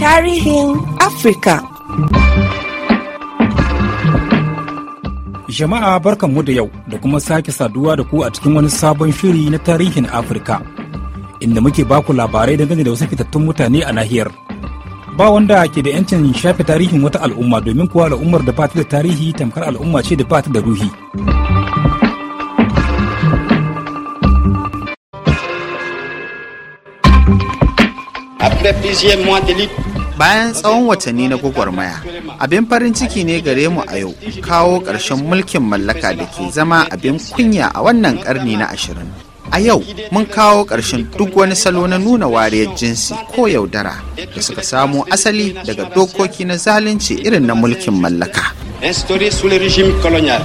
Tarihin Afrika. Jama'a barkanmu da yau da kuma sake saduwa da ku a cikin wani sabon shiri na tarihin Afrika inda muke baku labarai dangane da wasu fitattun mutane a nahiyar. Ba wanda ke da 'yancin shafe tarihin wata al'umma domin kuwa al'ummar da ba ta da tarihi tamkar al'umma ce da ba ta da ruhi. Bayan tsawon watanni na gwagwarmaya, abin farin ciki ne gare mu a yau kawo ƙarshen mulkin mallaka da ke zama abin kunya a wannan ƙarni na ashirin. A yau mun kawo ƙarshen duk wani salo na nuna wariyar jinsi ko yaudara da suka samo asali daga dokoki na zalunci irin na mulkin mallaka. Instauré colonial.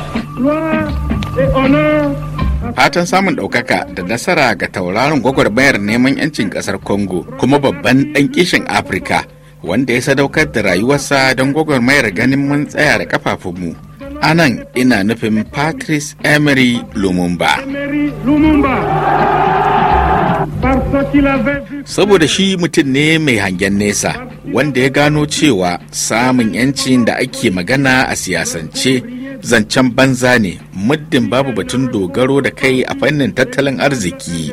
fatan samun ɗaukaka da nasara ga tauraron gwagwarmayar neman 'yancin ƙasar Congo kuma babban ɗan kishin Afirka wanda ya sadaukar da rayuwarsa don gwagwarmayar ganin mun tsaya da kafafunmu. Anan ina nufin Patrice Emery Lumumba. Saboda shi mutum ne mai hangen nesa wanda ya gano cewa samun 'yancin da ake magana a siyasance zancen banza ne muddin babu batun dogaro da kai a fannin tattalin arziki.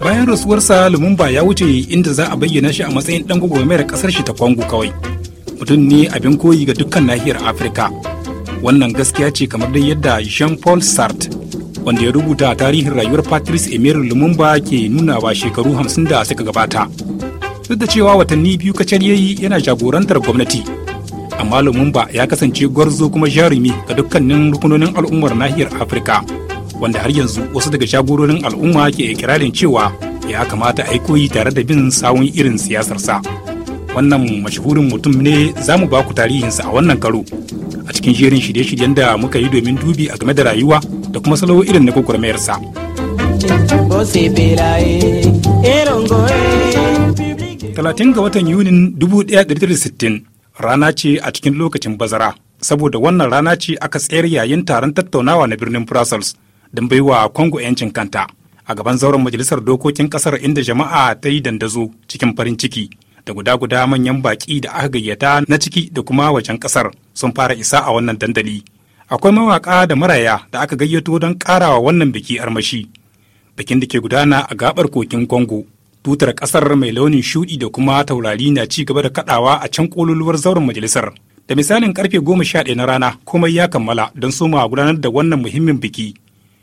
Bayan rasuwarsa Lumumba ya wuce inda za a bayyana shi a matsayin ɗan gwagwarmayar ƙasar shi ta Kwango kawai. Mutum ne abin koyi ga dukkan nahiyar Afirka. Wannan gaskiya ce kamar dai yadda Jean-Paul Sartre wanda ya rubuta tarihin rayuwar Patrice Emery Lumumba ke nunawa shekaru hamsin da suka gabata. duk da cewa watanni biyu kacal yi yana jagorantar gwamnati amma lumumba ya kasance gwarzo kuma jarumi ga dukkanin rukunonin al'ummar nahiyar afirka wanda har yanzu wasu daga jagororin al'umma ke ikirarin cewa ya kamata a yi koyi tare da bin sawun irin siyasarsa wannan mashahurin mutum ne za mu baku tarihinsa a wannan karo a cikin jerin shirye-shiryen da muka yi domin dubi a game da rayuwa da kuma salo irin na gwagwarmayarsa. talatin ga watan Yunin 1960 rana ce a cikin lokacin bazara, saboda wannan rana ce aka tsayar yayin taron tattaunawa na birnin Brussels don baiwa Congo 'yancin kanta. A gaban zauren majalisar dokokin kasar inda jama'a ta yi dandazo cikin farin ciki da guda-guda manyan baƙi da aka gayyata na ciki da kuma wajen kasar sun fara isa a wannan dandali. Akwai mawaƙa da maraya da aka gayyato don ƙarawa wannan biki armashi. Bikin da ke gudana a gaɓar kokin Congo tutar ƙasar mai launin shudi da kuma taurari na ci gaba da kaɗawa a can kololuwar zauren majalisar da misalin ƙarfe goma sha ɗaya na rana komai ya kammala don soma gudanar da wannan muhimmin biki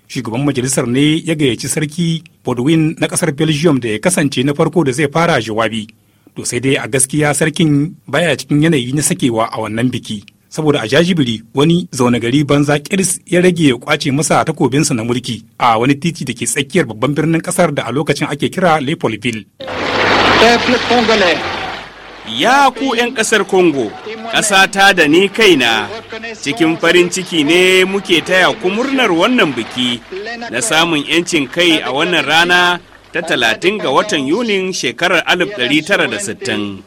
shugaban majalisar ne ya gayyaci sarki bodwin na kasar belgium da ya kasance na farko da zai fara jawabi to sai dai a gaskiya sarkin baya cikin yanayi na sakewa a wannan biki saboda a jajibiri wani zaune gari banza kiris ya rage ya kwace masa takobinsa na mulki a wani titi da ke tsakiyar babban birnin kasar da a lokacin ake kira Lepolville. Ya ku 'yan ƙasar Congo, ƙasa ta da ni kaina, cikin farin ciki ne muke taya ku murnar wannan biki na samun 'yancin kai a wannan rana ta 30 ga watan Yunin shekarar 1960.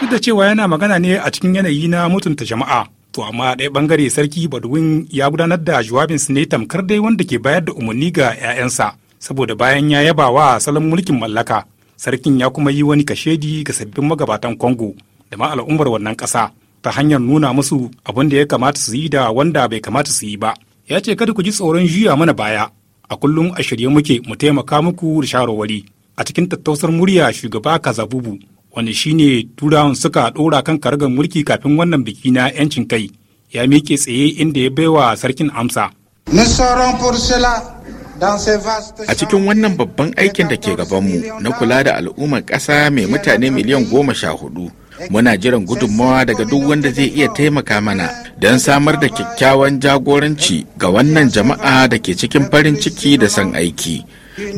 duk da cewa yana magana ne a cikin yanayi na mutunta jama'a to amma ɗaya ɓangare sarki badwin ya gudanar da jawabinsu ne tamkar dai wanda ke bayar da umarni ga 'ya'yansa saboda bayan ya yaba wa salon mulkin mallaka sarkin ya kuma yi wani kashedi ga sabbin magabatan congo da ma al'ummar wannan ƙasa ta hanyar nuna musu abin da ya kamata su yi da wanda bai kamata su yi ba ya ce kada ku ji tsoron juya mana baya a kullum a shirye muke mu taimaka muku da shawarwari a cikin tattausar murya shugaba kazabubu wanda ne turawan suka ɗora kan kargar mulki kafin wannan biki na 'yancin kai ya miƙe tsaye inda ya baiwa sarkin amsa. A cikin wannan babban aikin da ke gabanmu na kula da al'ummar ƙasa mai mutane miliyan goma sha hudu, muna jiran gudunmawa daga duk wanda zai iya taimaka mana don samar da kyakkyawan jagoranci ga wannan jama'a da ke cikin farin ciki da son aiki,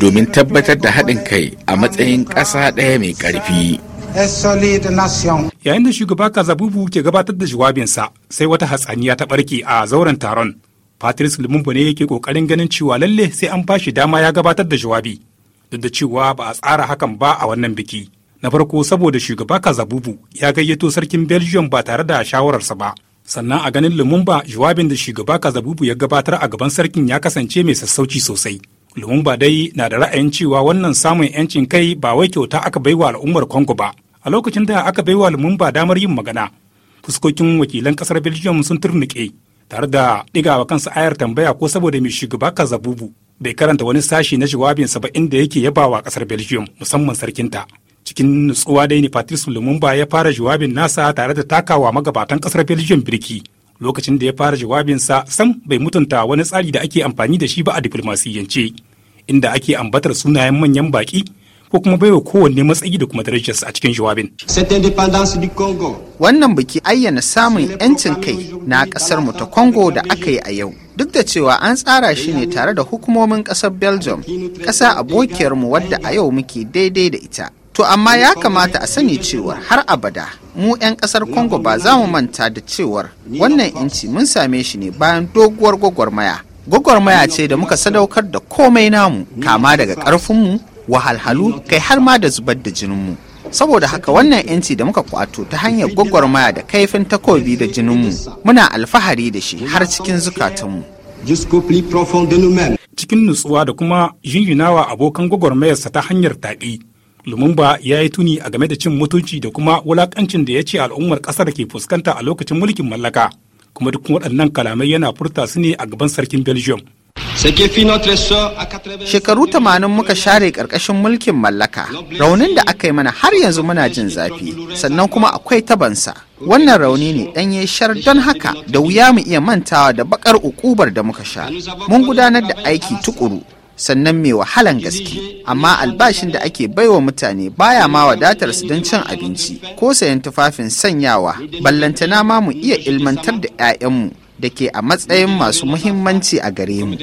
domin tabbatar da haɗin kai a matsayin ƙasa ɗaya mai ƙarfi. Yayin da shugaba Kazabubu ke gabatar da jawabinsa sai wata hatsaniya ta barke a zauren taron. Patrice Lumumba ne yake kokarin ganin cewa lalle sai an bashi dama ya gabatar da jawabi. Duk da cewa ba a tsara hakan ba a wannan biki. Na farko saboda shugaba Kazabubu ya gayyato sarkin Belgium ba tare da shawararsa ba. Sannan a ganin Lumumba jawabin da shugaba Kazabubu ya gabatar a gaban sarkin ya kasance mai sassauci sosai. Lumumba dai na da ra'ayin cewa wannan samun 'yancin kai ba wai kyauta aka baiwa al'ummar Congo ba, a lokacin da aka bai wa lumumba damar yin magana fuskokin wakilan kasar belgium sun turnuƙe tare da ɗigawa kansa ayar tambaya ko saboda mai shugaba kazabubu bai karanta wani sashi na jawabinsa ba inda yake yabawa kasar belgium musamman sarkinta cikin nutsuwa dai ne patrice lumumba ya fara jawabin nasa tare da takawa magabatan kasar belgium birki lokacin da ya fara jawabinsa sam bai mutunta wani tsari da ake amfani da shi ba a diflomasiyance inda ake ambatar sunayen manyan baki ko kuma baiwa kowanne matsayi da kuma darajarsa a cikin jawabin. Wannan biki ayyana samun 'yancin kai na ƙasar mu ta Congo da aka yi a yau. Duk da cewa an tsara shi ne tare da hukumomin ƙasar Belgium, ƙasa abokiyarmu wadda a yau muke daidai da ita. To amma ya kamata a sani cewar har abada mu 'yan ƙasar Congo ba za mu manta da cewar wannan yanci mun same shi ne bayan doguwar gwagwarmaya. Gwagwarmaya ce da muka sadaukar da komai namu kama daga ƙarfinmu wahalhalu kai har ma da zubar da jininmu saboda haka wannan yanci da muka kwato ta hanyar gwagwarmaya da kaifin takobi da jininmu muna alfahari da shi har cikin zukatanmu cikin nutsuwa da kuma jinjinawa abokan gwagwarmayarsa ta hanyar taƙi lumumba ya yi tuni a game da cin mutunci da kuma wulakancin da ya ce al'ummar ƙasar ke fuskanta a lokacin mulkin mallaka kuma duk waɗannan kalamai yana furta su ne a gaban sarkin belgium Shekaru tamanin muka share ƙarƙashin mulkin mallaka, raunin da aka yi mana har yanzu muna jin zafi, sannan kuma akwai tabansa. Wannan rauni ne ɗanye shar don haka da wuya mu iya mantawa da bakar ukubar da muka sha. Mun gudanar da aiki tukuru, sannan mai wahalan gaske, amma albashin da ake baiwa mutane baya ma wadatar su don cin abinci ko sayan tufafin sanyawa, ballantana ma mu iya ilmantar da 'ya'yanmu da ke a matsayin masu muhimmanci a gare mu.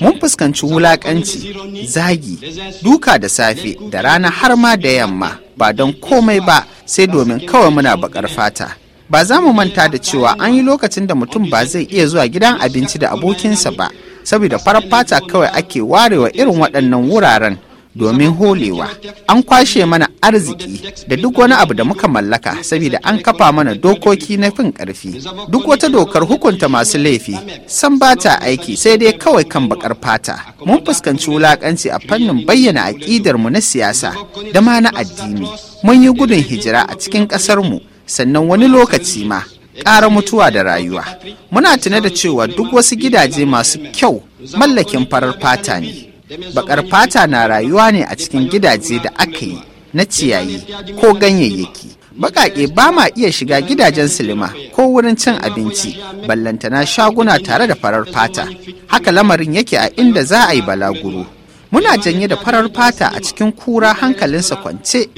Mun fuskanci wulakanci, zagi, duka da safe da rana har ma da yamma ba don komai ba sai domin kawai muna bakar fata. Ba za mu manta da cewa an yi lokacin da mutum ba zai iya zuwa gidan abinci da abokinsa ba, saboda farar fata kawai ake warewa irin waɗannan wuraren. domin holewa an kwashe mana arziki da duk wani abu da muka mallaka saboda an kafa mana dokoki na fin karfi duk wata dokar hukunta masu laifi san ba ta aiki sai dai kawai kan bakar fata mun fuskanci wulakanci a fannin bayyana aƙidar mu na siyasa da ma na addini mun yi gudun hijira a cikin ƙasar mu sannan wani lokaci ma ƙara mutuwa da rayuwa muna tuna da cewa duk wasu gidaje masu kyau mallakin farar fata ne bakar fata na rayuwa ne a cikin gidaje da aka yi na ciyayi ko ganyayyaki baƙaƙe ba ma iya shiga gidajen silima ko wurin cin abinci ballantana shaguna tare da farar fata haka lamarin yake a inda za a yi balaguro muna janye da farar fata a cikin kura hankalinsa kwance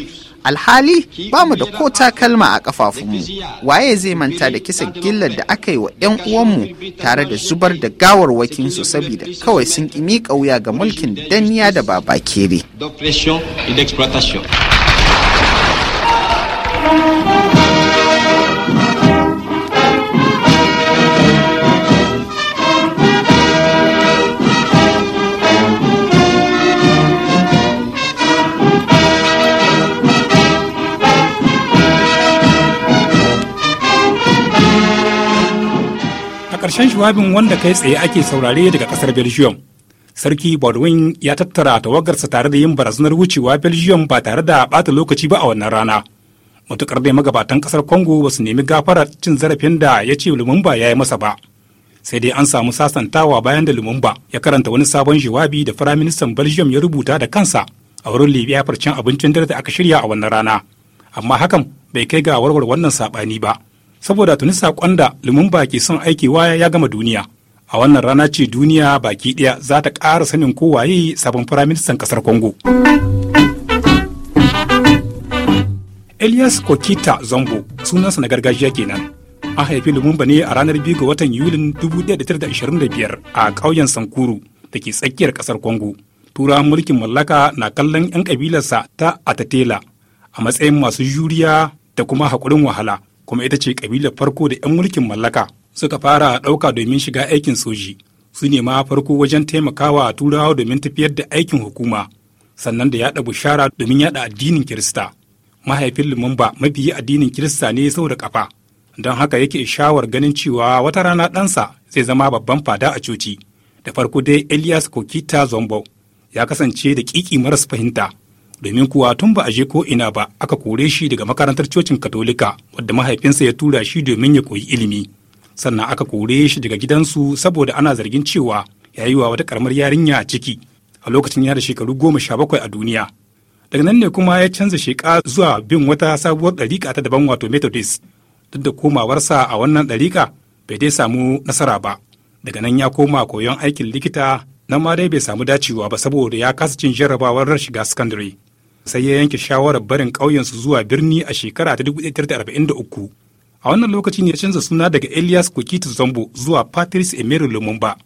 alhali ba mu da ko takalma a ƙafafunmu waye zai manta da kisan gillar da aka yi wa 'yan uwanmu tare da zubar da su saboda kawai sun ƙi miƙa wuya ga mulkin danniya da baba kere. ƙarshen shawabin wanda kai tsaye ake saurare daga ƙasar belgium sarki baldwin ya tattara tawagarsa tare da yin barazanar wucewa belgium ba tare da bata lokaci ba a wannan rana matuƙar dai magabatan ƙasar congo ba su nemi gafarar cin zarafin da ya ce lumumba ya yi masa ba sai dai an samu sasantawa bayan da lumumba ya karanta wani sabon jawabi da firaministan belgium ya rubuta da kansa a wurin libya farcen abincin dare da aka shirya a wannan rana amma hakan bai kai ga warware wannan saɓani ba saboda tuni saƙon da lumumba ke son aikewa ya gama duniya a wannan rana ce duniya baki ɗaya za ta ƙara sanin kowaye sabon firaministan ƙasar congo elias kokita zombo sunansa na gargajiya kenan an haifi lumumba ne a ranar 2 ga watan yulin 1925 a ƙauyen sankuru da ke tsakiyar ƙasar congo turawan mulkin mallaka na kallon 'yan ƙabilarsa ta atatela a matsayin masu juriya da kuma haƙurin wahala kuma ita ce kabilar farko da 'yan mulkin mallaka suka fara ɗauka domin shiga aikin soji su ne ma farko wajen taimakawa a turawa domin tafiyar da aikin hukuma sannan da yaɗa bushara domin yaɗa addinin kirista mahaifin lumumba yi addinin kirista ne sau da kafa don haka yake shawar ganin cewa wata rana ɗansa zai zama babban fada a coci da farko dai elias kokita zombo ya kasance da ƙiƙi maras fahimta domin kuwa tun ba a je ko ina ba aka kore shi daga makarantar cocin katolika wadda mahaifinsa ya tura shi domin ya koyi ilimi sannan aka kore shi daga gidansu saboda ana zargin cewa ya yi wa wata karamar yarinya a ciki a lokacin yana da shekaru goma sha bakwai a duniya daga nan ne kuma ya canza sheka zuwa bin wata sabuwar ɗariƙa ta daban wato methodist duk da komawarsa a wannan ɗariƙa bai dai samu nasara ba daga nan ya koma koyon aikin likita nan ma dai bai samu dacewa ba saboda ya kasa cin jarrabawar shiga sakandare sai ya yanke shawarar barin ƙauyensu zuwa birni a shekara ta 1943. A wannan lokaci ne ya canza suna daga Elias Kokitu Zambo zuwa Patrice Emery Lumumba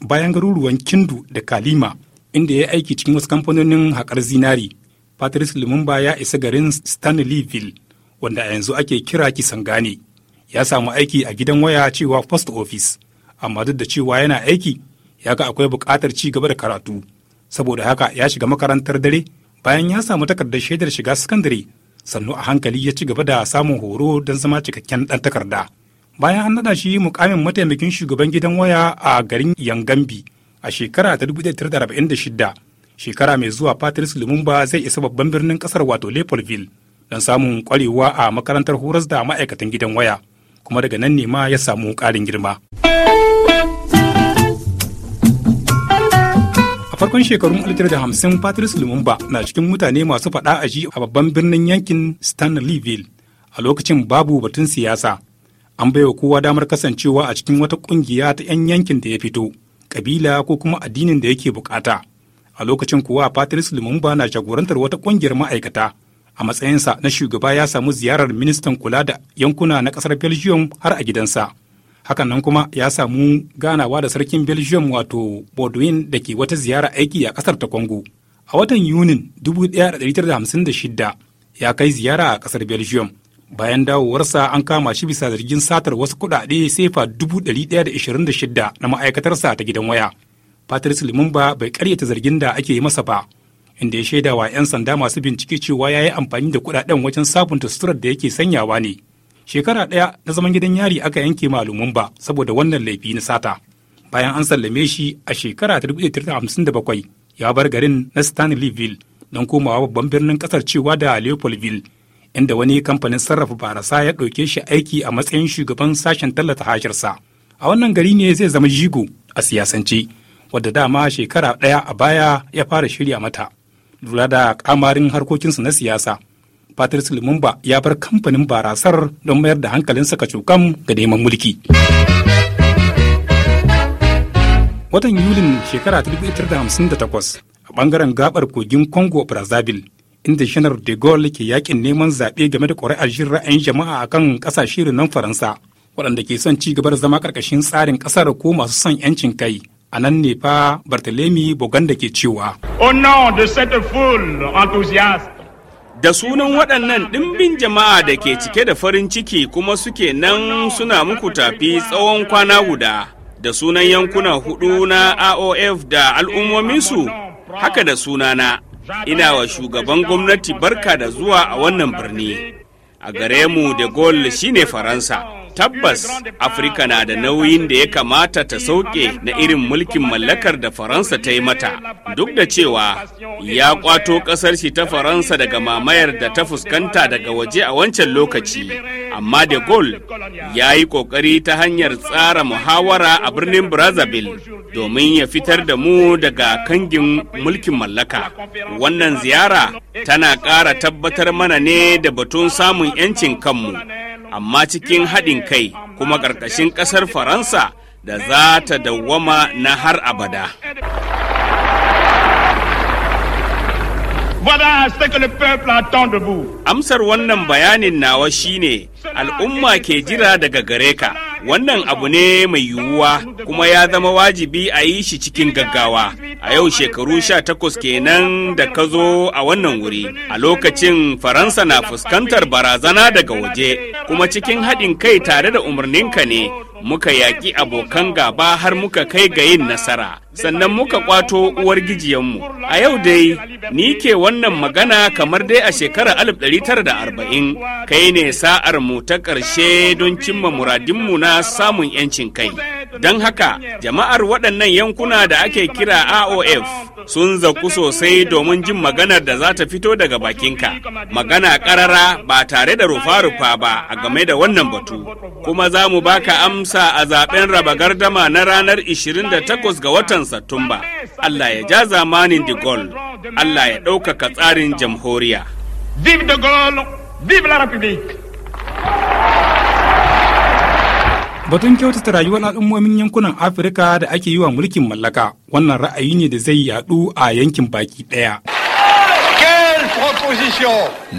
bayan garuruwan Kindu da Kalima inda ya aiki cikin wasu kamfanonin haƙar zinari. Patrice Lumumba ya isa garin Stanleyville wanda a yanzu ake kira gane Ya samu aiki a gidan waya cewa post office, amma duk da cewa yana aiki ya ga akwai buƙatar ci gaba da karatu. Saboda haka ya shiga makarantar dare bayan ya samu takardar shaidar shiga sakandare sannu a hankali ya ci gaba da samun horo don zama cikakken dan takarda bayan an naɗa shi mukamin mataimakin shugaban gidan waya a garin yangambi a shekara ta 1946 shekara mai zuwa patrice lumumba zai isa babban birnin kasar wato leopoldville don samun kwarewa a makarantar horas da ma'aikatan gidan waya kuma daga nan ne ma ya samu ƙarin girma. farkon shekarun 1950 Patrice Lumumba na cikin mutane masu faɗa a ji a babban birnin yankin Stanleyville a lokacin babu batun siyasa. An bai wa kowa damar kasancewa a cikin wata ƙungiya ta 'yan yankin da ya fito, ƙabila ko kuma addinin da yake bukata. A lokacin kuwa Patrice Lumumba na jagorantar wata ƙungiyar ma'aikata. A matsayinsa na shugaba ya samu ziyarar ministan kula da yankuna na ƙasar Belgium har a gidansa. hakan nan kuma ya samu ganawa da sarkin belgium wato bodwin da ke wata ziyara aiki a kasar ta congo a watan yunin 1956 ya kai ziyara a kasar belgium bayan dawowarsa an kama shi bisa zargin satar wasu kuɗaɗe sefa 126 na ma'aikatarsa ta gidan waya patrice limumba bai karyata zargin da ake yi masa ba inda ya shaida wa 'yan sanda masu bincike cewa ya yi amfani da kudaden wajen sabunta suturar da yake sanyawa ne shekara ɗaya na zaman gidan yari aka yanke malumin ba saboda wannan laifi na sata bayan an sallame shi a shekara ta 1957 ya bar garin na stanleyville don komawa babban birnin kasar cewa da leopoldville inda wani kamfanin sarrafa barasa ya ɗauke shi aiki a matsayin shugaban sashen tallata hashirsa a wannan gari ne zai zama jigo a siyasance wadda dama shekara ɗaya a baya ya fara shirya mata lura da kamarin harkokinsu na siyasa Patrice Lumumba ya bar kamfanin barasar don mayar da hankalin saka cokam ga neman mulki. Watan Yulin shekara 1958 a bangaren gabar kogin Congo Brazzaville inda shanar de Gaulle ke yakin neman zaɓe game da ƙuri'ar jin ra'ayin jama'a a kan ƙasashe nan Faransa waɗanda ke son ci gabar zama ƙarƙashin tsarin ƙasar ko masu son 'yancin kai a nan ne fa Bartolomé Boganda ke cewa. Au nom de cette foule enthousiaste da sunan waɗannan ɗimbin jama'a da ke cike da farin ciki kuma suke nan suna muku tafi tsawon kwana guda da sunan yankunan hudu na aof da al'ummominsu haka da sunana ina wa shugaban gwamnati barka da zuwa a wannan birni a gare mu de Gol shine Faransa. Tabbas Afirka na da nauyin da ya kamata ta sauke na irin mulkin mallakar da Faransa ta yi mata, duk da cewa ya kwato ƙasar shi ta Faransa daga mamayar da ta fuskanta daga waje a wancan lokaci. amma de Gaulle ya yi ƙoƙari ta hanyar tsara muhawara a birnin Brazzaville domin ya fitar da mu daga kangin mulkin mallaka. Wannan ziyara tana ƙara tabbatar mana ne da batun samun 'yancin kanmu, amma cikin haɗin kai kuma ƙarƙashin ƙasar Faransa da za ta dawwama na har abada. Amsar wannan bayanin nawa shine al'umma ke jira daga gare ka. Wannan abu ne mai yiwuwa kuma ya zama wajibi a yi shi cikin gaggawa. A yau shekaru sha takwas kenan da ka zo a wannan wuri. A lokacin Faransa na fuskantar barazana daga waje, kuma cikin haɗin kai tare da umarninka ne muka yaƙi abokan gaba har muka kai ga yin nasara sannan muka kwato uwar mu. a yau dai ni ke wannan magana kamar dai a shekarar arba'in. kai ne sa'ar mu ta ƙarshe don cimma muradinmu na samun 'yancin kai don haka jama'ar waɗannan yankuna da ake kira aof sun zaku sosai domin jin maganar da za ta fito daga bakinka magana ƙarara ba tare da rufa-rufa ba a game da wannan batu kuma za mu baka amsa sa a zaben raba gardama na ranar 28 ga watan Satumba. Allah ya ja zamanin de Gaulle, Allah ya ɗaukaka tsarin jamhuriya. Vive de Gaulle, vive la République! Batun kyautata rayuwar al'ummomin yankunan Afirka da ake yi wa mulkin mallaka, wannan ra'ayi ne da zai yaɗu a yankin baki ɗaya.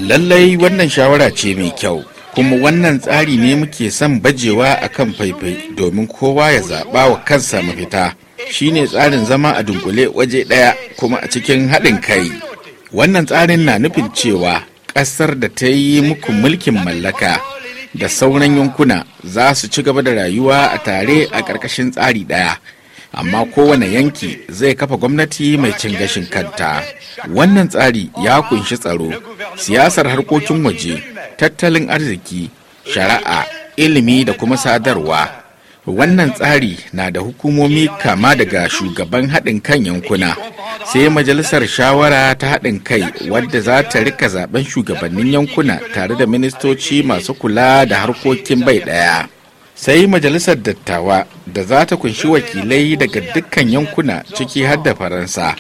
Lallai wannan shawara ce mai kyau. kuma wannan tsari ne muke son bajewa a kan faifai domin kowa ya zaɓa wa kansa mafita shine tsarin zama a dunkule waje ɗaya kuma a cikin haɗin kai wannan tsarin na nufin cewa ƙasar da ta yi muku mulkin mallaka da sauran yankuna za su ci gaba da rayuwa a tare a ƙarƙashin tsari ɗaya amma kowane yanki zai kafa gwamnati mai cin gashin kanta wannan tsari ya kunshi tsaro siyasar harkokin waje tattalin arziki shari'a ilimi da kuma sadarwa wannan tsari na da hukumomi kama daga shugaban haɗin kan yankuna sai majalisar shawara ta haɗin kai wadda za ta rika zaben shugabannin yankuna tare da ministoci masu kula da harkokin bai ɗaya. sai majalisar dattawa da za ta kunshi wakilai daga dukkan yankuna ciki har da faransa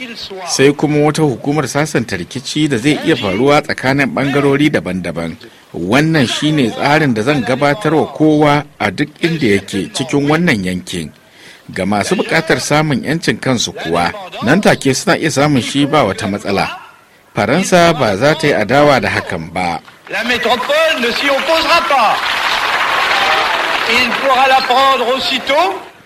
sai kuma wata hukumar sasanta rikici da zai iya faruwa tsakanin bangarori daban-daban wannan shine tsarin da zan gabatar wa kowa a duk inda yake cikin wannan yankin ga masu buƙatar samun 'yancin kansu kuwa nan take suna iya samun shi ba wata matsala faransa ba za ta yi adawa da hakan ba La métropole ne s'y opposera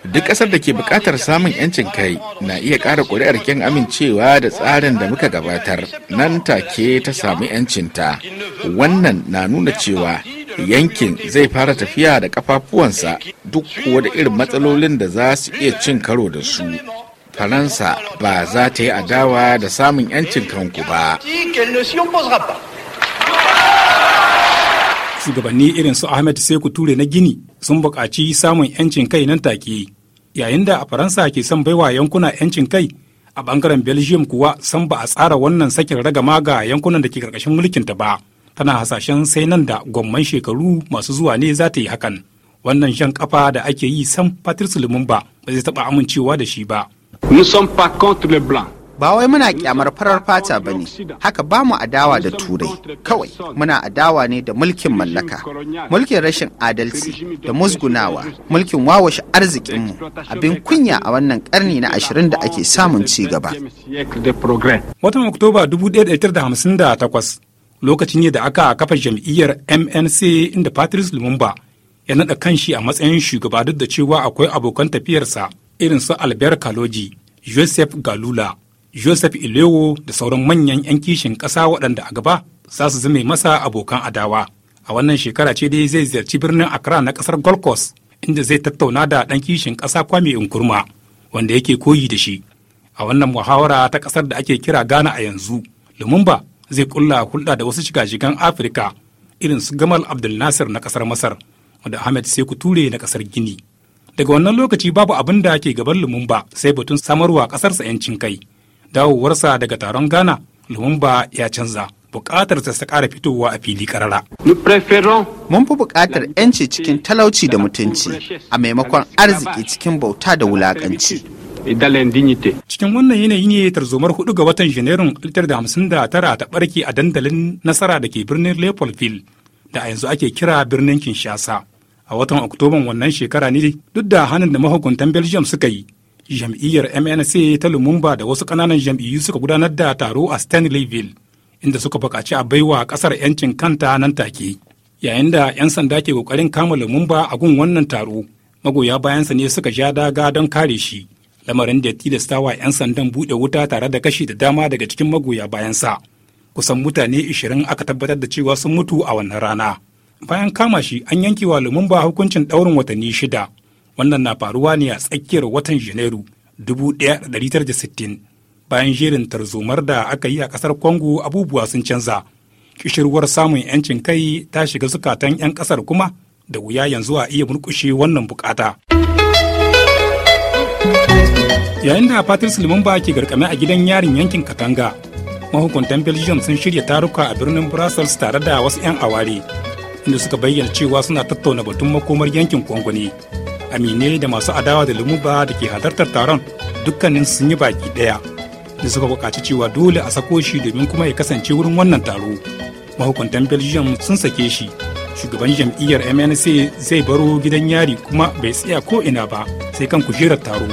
Duk ƙasar da ke buƙatar samun 'yancin kai na iya ƙara ƙuri'ar kyan amincewa da tsarin da muka gabatar nan take ta sami 'yancinta. Wannan na nuna cewa yankin zai fara tafiya da ƙafafuwansa duk kuwa da irin matsalolin da za su iya cin karo da su. Faransa ba za ta yi adawa da samun 'yancin kanku ba. shugabanni irin su ahmed seku ture na gini sun buƙaci samun 'yancin kai nan take yayin da a faransa ke son baiwa yankuna 'yancin kai a bangaren belgium kuwa san ba a tsara wannan sakin ragama ga yankunan da ke karkashin ta ba tana hasashen sai nan da gwamman shekaru masu zuwa ne za ta yi hakan wannan shan kafa da ake yi san patrice lumumba ba zai taɓa amincewa da shi ba nous sommes pas contre les blancs ba wai muna kyamar farar fata ba ne haka ba mu adawa da turai kawai muna adawa ne da mulkin mallaka mulkin rashin adalci da musgunawa mulkin wawashe arzikinmu abin kunya a wannan karni na ashirin da ake samun ci gaba watan oktoba 1958 lokaci ne da aka kafa jam'iyyar mnc inda patrice lumumba ya naɗa shi a matsayin shugaba duk da cewa akwai abokan tafiyarsa irin su albert kaloji joseph galula joseph ilewo da sauran manyan 'yan kishin ƙasa waɗanda a gaba za su zame masa abokan adawa a wannan shekara ce dai zai ziyarci birnin accra na ƙasar gold coast inda zai tattauna da ɗan kishin ƙasa kwame nkrumah wanda yake koyi da shi a wannan muhawara ta ƙasar da ake kira ghana a yanzu lumumba zai kulla hulɗa da wasu shiga-shigan afirka irin su gamal abdul nasir na ƙasar masar da ahmed seku ture na ƙasar gini daga wannan lokaci babu abin da ke gaban lumumba sai batun samarwa ƙasarsa 'yancin kai dawowarsa daga taron ghana lumumba ya canza buƙatar ta ƙara fitowa a fili ƙarara. Mun fi buƙatar 'yanci cikin talauci da mutunci a maimakon arziki cikin bauta da wulaƙanci. Cikin wannan yanayi ne tarzomar hudu ga watan Janairun 1959 ta barke a dandalin nasara da ke birnin Leopoldville da a yanzu ake kira birnin Kinshasa. A watan Oktoban wannan shekara ne duk da hannun da mahukuntan Belgium suka yi jam'iyyar mnc ta lumumba da wasu ƙananan jam'iyyu suka gudanar da taro a stanleyville inda suka bukaci a baiwa ƙasar 'yancin kanta nan take yayin da 'yan sanda ke ƙoƙarin kama lumumba a gun wannan taro magoya bayansa ne suka ja daga don kare shi lamarin da tilastawa 'yan sandan buɗe wuta tare da kashi da dama daga cikin magoya bayansa kusan mutane 20 aka tabbatar da cewa sun mutu a wannan rana bayan kama shi an yankewa lumumba hukuncin ɗaurin watanni shida wannan na faruwa ne a tsakiyar watan janairu 1960 bayan jerin tarzomar da aka yi a kasar congo abubuwa sun canza kishirwar samun 'yancin kai ta shiga zukatan 'yan kasar kuma da wuya yanzu a iya murkushe wannan bukata yayin da patrice lumumba ke garkame a gidan yarin yankin katanga mahukuntan belgium sun shirya taruka a birnin brussels tare da wasu 'yan aware inda suka bayyana cewa suna tattauna batun makomar yankin kongo ne amine da masu adawa da lumuba da ke halartar taron dukkanin sun yi baki ɗaya da suka buƙaci cewa dole a sako shi domin kuma ya kasance wurin wannan taro mahukuntan belgium sun sake shi shugaban jam'iyyar mnc zai baro gidan yari kuma bai tsaya ko ina ba sai kan kujerar taro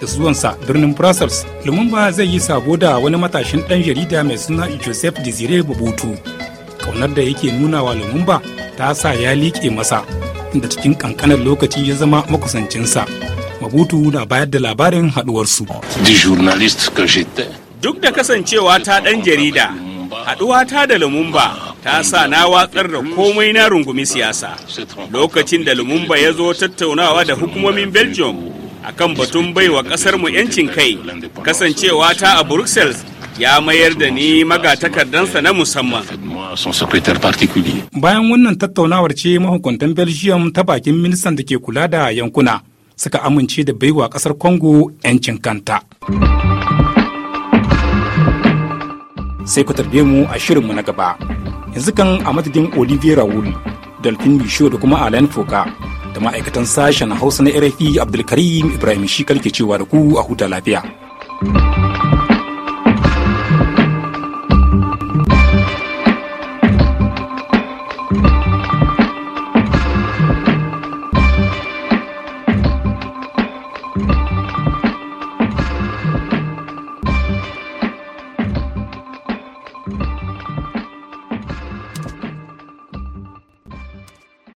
da zuwansa birnin brussels lumumba zai yi sabo da wani matashin ɗan jarida mai suna joseph desire bubutu kaunar da yake nuna wa lumumba ta sa ya liƙe masa da cikin kankanar lokaci ya zama makusancinsa mabutu na bayar da labarin haduwarsu duk da kasancewa ta ɗan jarida haɗuwa ta da lumumba ta sa na watsar da komai na rungumi siyasa lokacin da lumumba ya zo tattaunawa da hukumomin belgium akan batun baiwa ƙasarmu 'yancin kai kasancewa ta a brussels ya mayar da ni magatakardansa na musamman. Bayan wannan tattaunawar ce mahukuntan Belgium ta bakin ministan da ke kula da yankuna suka amince da baiwa kasar Congo 'yancin kanta. Sai ku tarbe mu a shirinmu na gaba. Yanzu kan a madadin Olivier Raoul, Dolphin Bisho da kuma Alain Foka da ma'aikatan sashen Hausa na RFI Abdulkarim Ibrahim shikal ke cewa da ku a huta lafiya. thank you